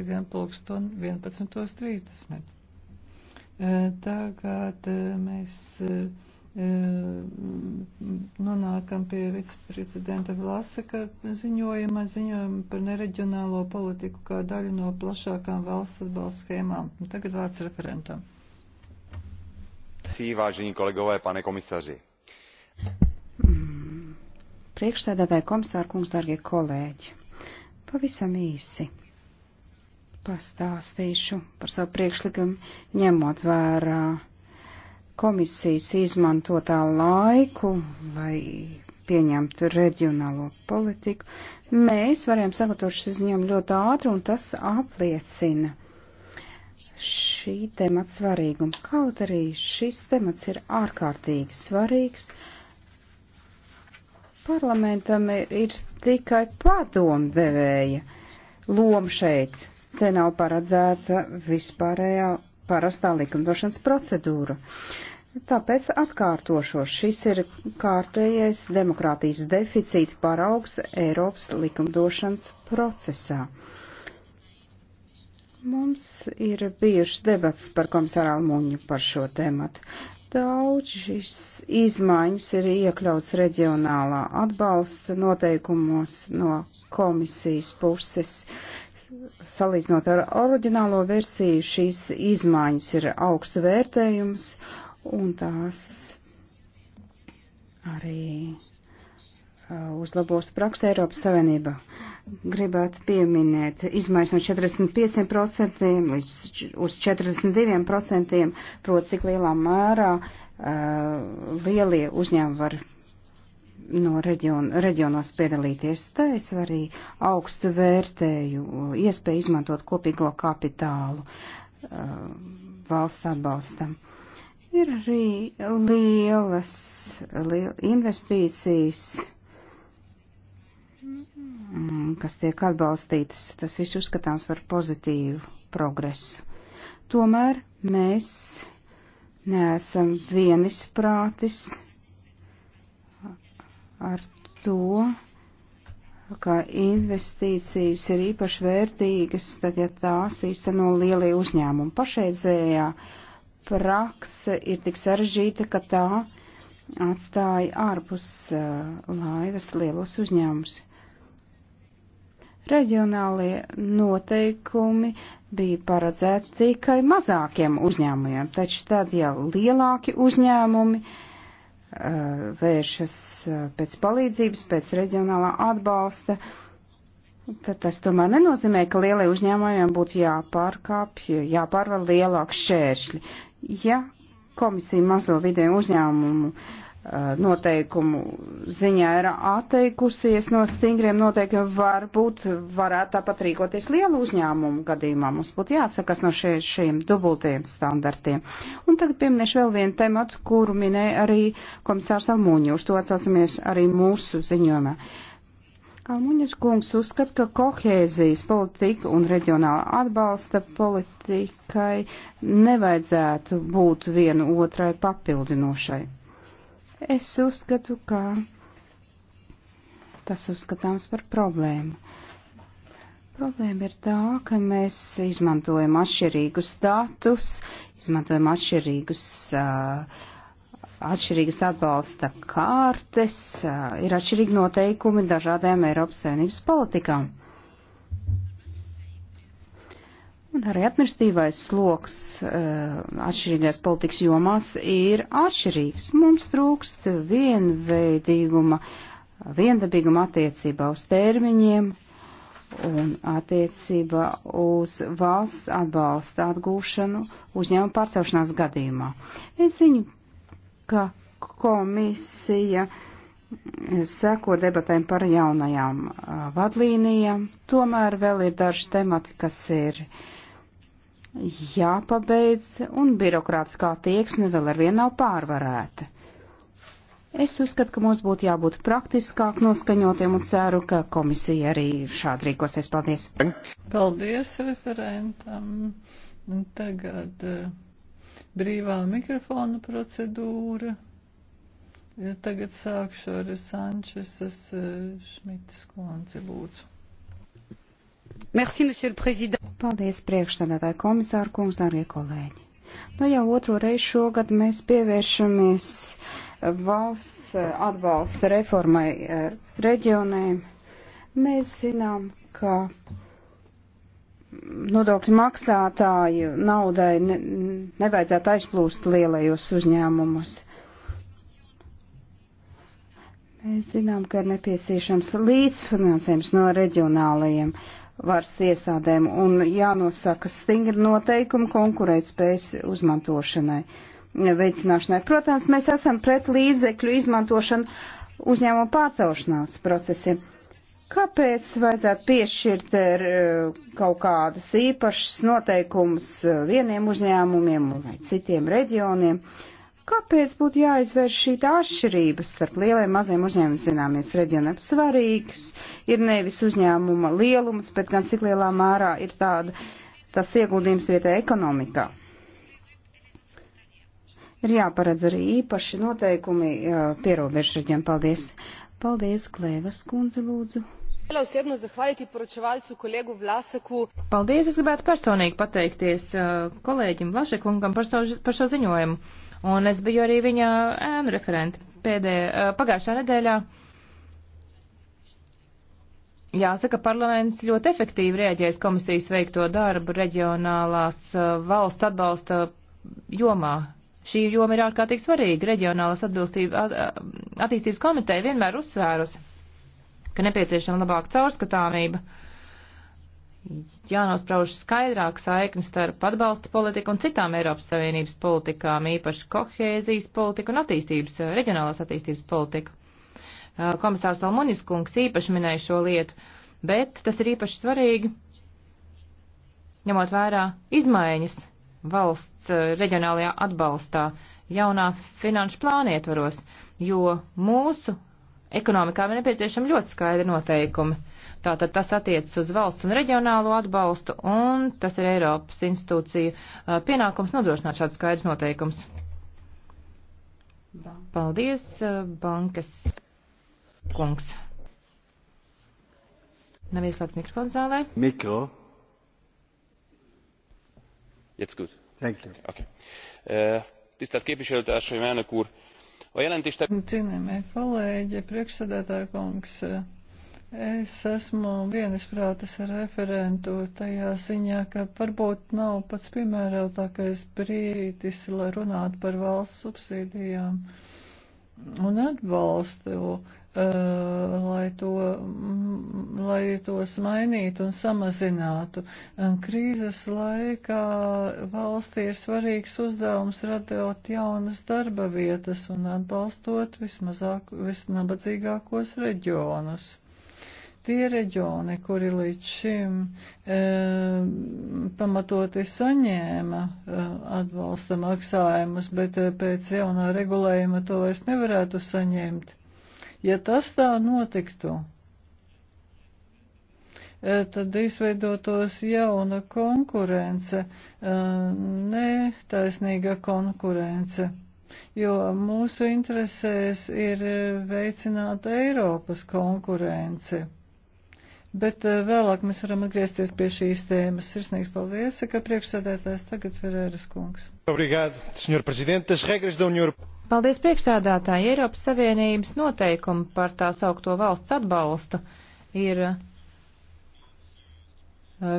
gan pulksten 11.30. Tagad mēs nonākam pie viceprezidenta Vlasaka ziņojuma, ziņojuma par nereģionālo politiku kā daļu no plašākām valsts atbalsta schēmām. Tagad vārds referentam. Vážení kolegové, pane komisaři. Priekšsēdētāji komisāri, kungs, dārgie kolēģi. Pavisam īsi pastāstīšu par savu priekšlikumu, ņemot vērā komisijas izmantotā laiku, lai pieņemtu reģionālo politiku. Mēs varējām sagatavot šo ziņojumu ļoti ātri, un tas apliecina šī temata svarīgumu. Kaut arī šis temats ir ārkārtīgi svarīgs, parlamentam ir, ir tikai padomdevēja loma šeit te nav paredzēta vispārējā parastā likumdošanas procedūra. Tāpēc atkārtošo, šis ir kārtējais demokrātijas deficīta paraugs Eiropas likumdošanas procesā. Mums ir bijušas debats par komisāru Almuņu par šo tematu. Daudzas izmaiņas ir iekļauts reģionālā atbalsta noteikumos no komisijas puses salīdzinot ar oriģinālo versiju, šīs izmaiņas ir augsta vērtējums un tās arī uh, uzlabos praksē Eiropas Savienībā. Gribētu pieminēt izmaiņas no 45% līdz uz 42%, proti, cik lielā mērā uh, lielie uzņēmumi var no reģion, reģionos piedalīties. Tā es arī augstu vērtēju iespēju izmantot kopīgo kapitālu uh, valsts atbalstam. Ir arī lielas liel, investīcijas, mm, kas tiek atbalstītas. Tas viss uzskatāms par pozitīvu progresu. Tomēr mēs neesam vienisprātis ar to, ka investīcijas ir īpaši vērtīgas, tad, ja tās īsteno lielie uzņēmumi. Pašreizējā prakse ir tik sarežģīta, ka tā atstāja ārpus uh, laivas lielos uzņēmumus. Reģionālie noteikumi bija paredzēti tikai mazākiem uzņēmumiem, taču tad, ja lielāki uzņēmumi uh, Eh, vēršas eh, pēc palīdzības, pēc reģionālā atbalsta, tad tas tomēr nenozīmē, ka lielie uzņēmējiem būtu jāpārkāpj, jāpārvar lielāki šēršļi. Ja komisija mazo vidēju uzņēmumu uh, Eh, noteikumu ziņā ir atteikusies no stingriem noteikumiem, varbūt varētu tāpat rīkoties lielu uzņēmumu gadījumā. Mums būtu jāsakas no šie, šiem dubultiem standartiem. Un tagad pieminēšu vēl vienu tematu, kuru minēja arī komisārs Almuņa. Uz to atsaucamies arī mūsu ziņojumā. Almuņas kungs uzskata, ka kohēzijas politika un reģionāla atbalsta politikai nevajadzētu būt vienu otrai papildinošai. Es uzskatu, ka tas uzskatāms par problēmu. Problēma ir tā, ka mēs izmantojam atšķirīgus datus, izmantojam atšķirīgus, atšķirīgas atbalsta kārtas, ir atšķirīgi noteikumi dažādām Eiropas Savienības politikām. Un arī atmirstīvais sloks eh, atšķirīgās politikas jomās ir atšķirīgs. Mums trūkst vienveidīguma, viendabīguma attiecībā uz termiņiem un attiecībā uz valsts atbalsta atgūšanu uzņēmuma pārcelšanās gadījumā. Es ziņu, ka komisija seko debatēm par jaunajām eh, vadlīnijām, tomēr vēl ir daži temati, kas ir uh, jāpabeidz, un birokrātiskā tieksme vēl arvien nav pārvarēta. Es uzskatu, ka mums būtu jābūt praktiskāk noskaņotiem un ceru, ka komisija arī šādi rīkosies. Paldies! Paldies referentam! Tagad eh, brīvā mikrofona procedūra. Ja tagad sākšu ar Sančesas eh, Šmitas konci lūdzu. Merci, monsieur le président. Paldies priekšstādātāju komisāru kungs, darbie kolēģi. Nu jau otro reizi šogad mēs pievēršamies eh, valsts eh, atbalsta reformai eh, reģionēm. Mēs zinām, ka nodokļu maksātāju naudai ne, nevajadzētu aizplūst lielajos uzņēmumos. Mēs zinām, ka ir nepieciešams līdzfinansējums no reģionālajiem uh, varas iestādēm un jānosaka stingri noteikumi konkurētspējas uzmantošanai, veicināšanai. Protams, mēs esam pret līdzekļu izmantošanu uzņēmumu pārcelšanās procesiem. Kāpēc vajadzētu piešķirt ar, eh, kaut kādas īpašas noteikumus eh, vieniem uzņēmumiem vai citiem reģioniem? Uh, Kāpēc būtu jāizvērš šī atšķirība starp lieliem un maziem uzņēmumiem? Zināmies, reģionam svarīgs ir nevis uzņēmuma lielums, bet gan cik lielā mērā ir tāda, tas ieguldījums vietē ekonomikā. Ir jāparedz arī īpaši noteikumi pierobežu reģionam. Paldies! Paldies, Klēvas kundze, lūdzu! želela osebno zahvaliti poročevalcu kolegu Vlasaku. Paldies, es gribētu personīgi pateikties kolēģim Vlašekungam par, par šo ziņojumu un es biju arī viņa ēnu referenti pēdējā, pagājušā nedēļā. Jāsaka, parlaments ļoti efektīvi rēģēs komisijas veikto darbu reģionālās valsts atbalsta jomā. Šī joma ir ārkārtīgi svarīga. Reģionālās at, attīstības komiteja vienmēr uzsvērusi, ka nepieciešama labāka caurskatāmība jānosprauž skaidrāk saikni starp atbalsta politiku un citām Eiropas Savienības politikām, īpaši kohēzijas politiku un attīstības, eh, reģionālās attīstības politiku. Eh, komisārs Almunis kungs īpaši minēja šo lietu, bet tas ir īpaši svarīgi, ņemot vērā izmaiņas valsts eh, reģionālajā atbalstā jaunā finanšu plāna ietvaros, jo mūsu ekonomikām ir nepieciešami ļoti skaidri noteikumi Tātad tas attiecas uz valsts un reģionālo atbalstu, un tas ir Eiropas institūciju pienākums nodrošināt šādus skaidrus noteikumus. Paldies, bankas kungs. Nav ieslēgts mikrofons zālē. Mikro. Jetzt gut. Thank you. Okay. Uh, tisztelt képviselőtársaim, elnök úr! A jelentést... Cienījamie kolēģi, priekšsēdētāja kungs, uh, Es esmu vienisprātis ar referentu tajā ziņā, ka varbūt nav pats piemērotākais brīdis, lai runātu par valsts subsīdijām un atbalstu, uh, lai, to, mm, lai tos mainītu un samazinātu. Un krīzes laikā valstī ir svarīgs uzdevums radot jaunas darba vietas un atbalstot vismazāk, visnabadzīgākos reģionus. Tie reģioni, kuri līdz šim e, pamatoti saņēma e, atbalsta maksājumus, bet e, pēc jaunā regulējuma to vairs nevarētu saņemt, ja tas tā notiktu, e, tad izveidotos jauna konkurence, e, netaisnīga konkurence, jo mūsu interesēs ir e, veicināt Eiropas konkurenci. Bet eh, vēlāk mēs varam atgriezties pie šīs tēmas. Sirsnīgs paldies, ka priekšsēdētājs tagad Ferēras kungs. Paldies priekšsēdētāji. Eiropas Savienības noteikumi par tā saukto valsts atbalstu ir eh,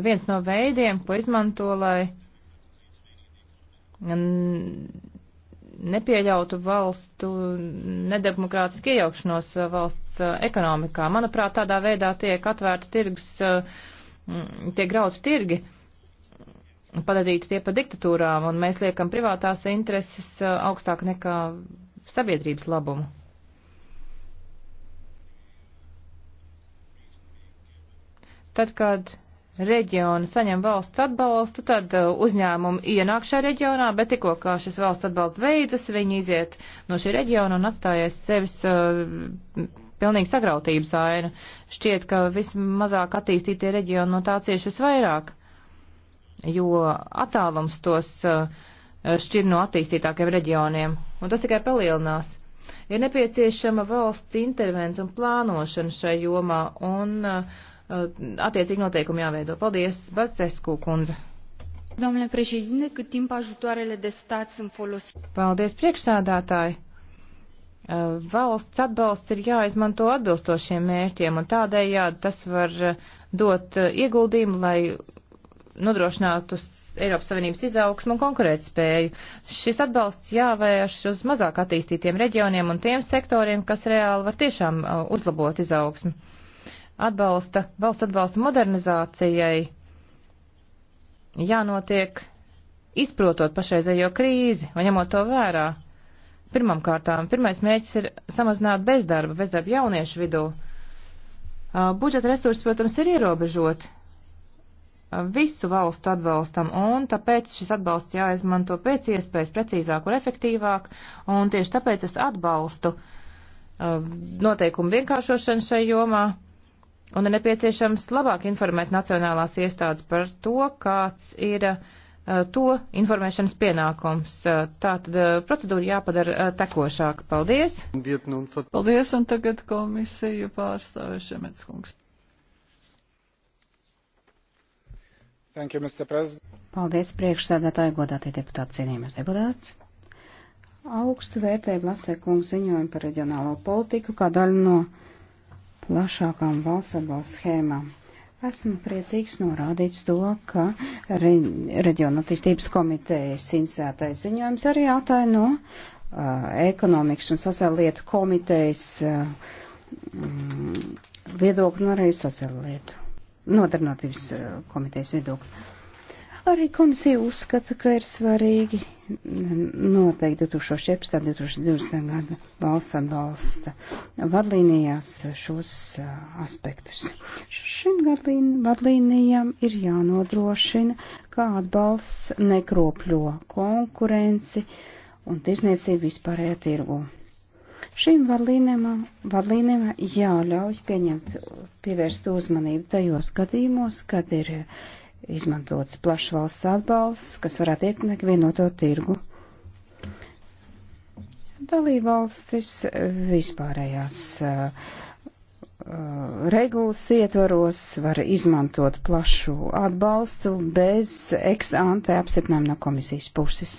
viens no veidiem, ko izmanto, lai nepieļautu valstu nedemokrātisku iejaukšanos uh, valsts uh, ekonomikā. Manuprāt, tādā veidā tiek atvērta tirgus, uh, tiek grauds tirgi, padarīti tie par diktatūrām, un mēs liekam privātās intereses augstāk nekā sabiedrības labumu. Tad, kad reģiona saņem valsts atbalstu, tad uh, uzņēmumi ienāk šajā reģionā, bet tikko kā šis valsts atbalsts beidzas, viņi iziet no šī reģiona un atstājies sevis uh, pilnīgi sagrautības aina. Šķiet, ka vismazāk attīstītie reģioni no tā cieši visvairāk, jo attālums tos uh, šķir no attīstītākiem reģioniem, un tas tikai palielinās. Ir nepieciešama valsts intervence un plānošana šai jomā, un uh, Eh, attiecīgi noteikumi jāveido. Paldies, Bazesku kundze. Domnule președinte, cât timp ajutoarele de stat sunt folosite. Paldies, priekšsādātāji. Eh, valsts atbalsts ir jāizmanto atbilstošiem mērķiem, un tādējādi tas var eh, dot ieguldījumu, lai nodrošinātu Eiropas Savienības izaugsmu un konkurētspēju. Šis atbalsts jāvērš uz mazāk attīstītiem reģioniem un tiem sektoriem, kas reāli var tiešām uzlabot izaugsmu atbalsta, valsts atbalsta modernizācijai jānotiek izprotot pašreizējo krīzi un ņemot to vērā. Pirmam kārtām, pirmais mēģis ir samazināt bezdarba, bezdarba jauniešu vidū. Budžeta resursi, protams, ir ierobežoti visu valstu atbalstam, un tāpēc šis atbalsts jāizmanto pēc iespējas precīzāk un efektīvāk, un tieši tāpēc es atbalstu noteikumu vienkāršošanu šai jomā Un ir nepieciešams labāk informēt nacionālās iestādes par to, kāds ir uh, to informēšanas pienākums. Uh, eh, Tātad uh, eh, procedūra jāpadara tekošāk. Paldies! Paldies, un tagad komisiju pārstāvē Šemets kungs. Thank you, Mr. President. Paldies, priekšsēdētāji, godātie deputāti, cienījamies deputāts. Augstu vērtēju Lasē kungu ziņojumu par reģionālo politiku kā daļu no plašākām valsts atbalsta schēmām. Esmu priecīgs norādīt to, ka re, reģiona attīstības komitejas insētais ziņojums arī jātāja no uh, ekonomikas un sociāla lietu komitejas uh, mm, viedokļu un arī sociāla lietu nodarbinātības uh, komitejas viedokļu. Arī komisija uzskata, ka ir svarīgi noteikti 2014. un 2020. gada valsts atbalsta vadlīnijās šos aspektus. Šim vadlīnijam ir jānodrošina, kā atbalsts nekropļo konkurenci un tirzniecību vispārējā tirgu. Šīm vadlīnēm jāļauj pieņemt, pievērst uzmanību tajos gadījumos, kad ir izmantots plašs valsts atbalsts, kas varētu ietekmēt vienoto tirgu. Dalībvalstis vispārējās uh, regulas ietvaros var izmantot plašu atbalstu bez ex-ante apstiprinājuma no komisijas puses.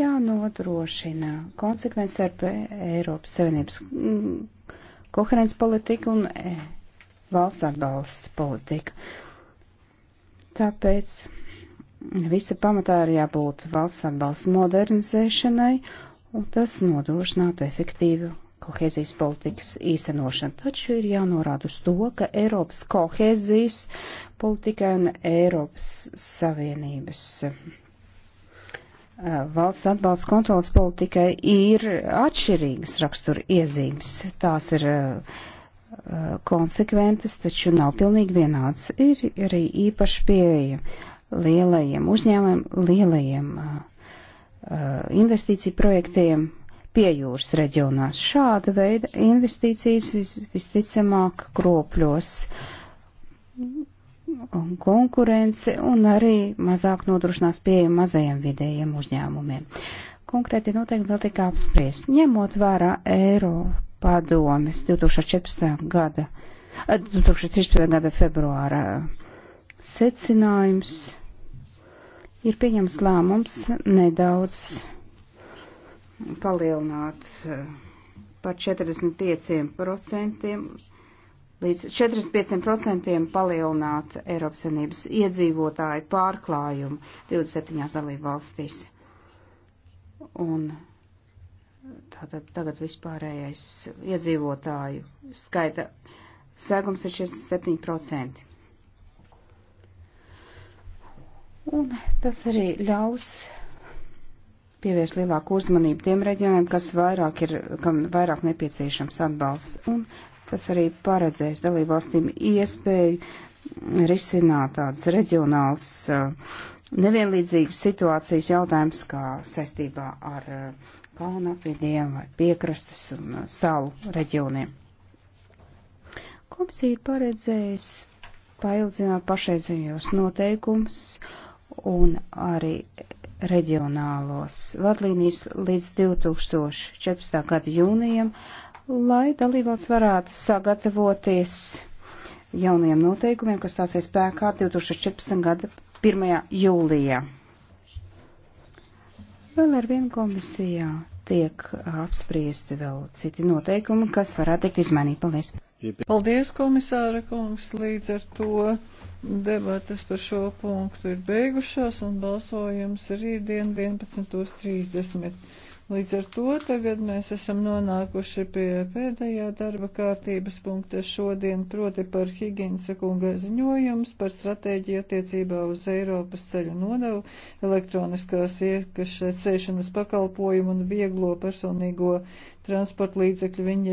Jānodrošina konsekvence starp Eiropas Savienības mm, koherents politiku un eh, valsts atbalsta politiku. Tāpēc visa pamatā ir jābūt valsts atbalsta modernizēšanai, un tas nodrošinātu efektīvu kohēzijas politikas īstenošanu. Taču ir jānorāda uz to, ka Eiropas kohēzijas politika un Eiropas Savienības eh, valsts atbalsts kontrolas politikai ir atšķirīgas rakstura iezīmes. Tās ir uh, konsekventas, taču nav pilnīgi vienāds. Ir arī īpaši pieeja lielajiem uzņēmumiem, lielajiem investīciju projektiem pie jūras reģionās. Šāda veida investīcijas vis, visticamāk kropļos un konkurenci un arī mazāk nodrošinās pieeja mazajiem vidējiem uzņēmumiem. Konkrēti noteikti vēl tika apspriest, ņemot vērā Eiropu padomes 2014. gada, 2013. Eh, gada februāra secinājums ir pieņems lēmums nedaudz palielināt eh, par 45% līdz 45% palielināt Eiropas Savienības iedzīvotāju pārklājumu 27 dalību valstīs. Un Tātad tagad vispārējais iedzīvotāju skaita sēgums ir 67%. Un tas arī ļaus pievērst lielāku uzmanību tiem reģioniem, kas vairāk ir, kam vairāk nepieciešams atbalsts. Un tas arī paredzēs dalībvalstīm iespēju risināt tādas reģionāls uh, nevienlīdzīgas situācijas jautājums, kā saistībā ar uh, kalnapvidiem vai piekrastes un uh, salu reģioniem. Komisija ir paredzējusi paildzināt pašreizējos noteikumus un arī reģionālos vadlīnijas līdz 2014. gada jūnijam, lai dalībvalsts varētu sagatavoties jaunajiem noteikumiem, kas stāsies spēkā 2014. gada 1. jūlijā. Vēl ar vienu komisijā tiek apspriesti vēl citi noteikumi, kas varētu tikt izmainīti. Paldies! Paldies, komisāra kungs! Līdz ar to debatas par šo punktu ir beigušās un balsojums rītdien 11.30. Līdz ar to tagad mēs esam nonākuši pie pēdējā darba kārtības punkta šodien, proti par Higinsa kunga ziņojums par stratēģiju attiecībā uz Eiropas ceļu nodevu, elektroniskās iekašē ceļšanas pakalpojumu un vieglo personīgo transporta līdzekļu viņa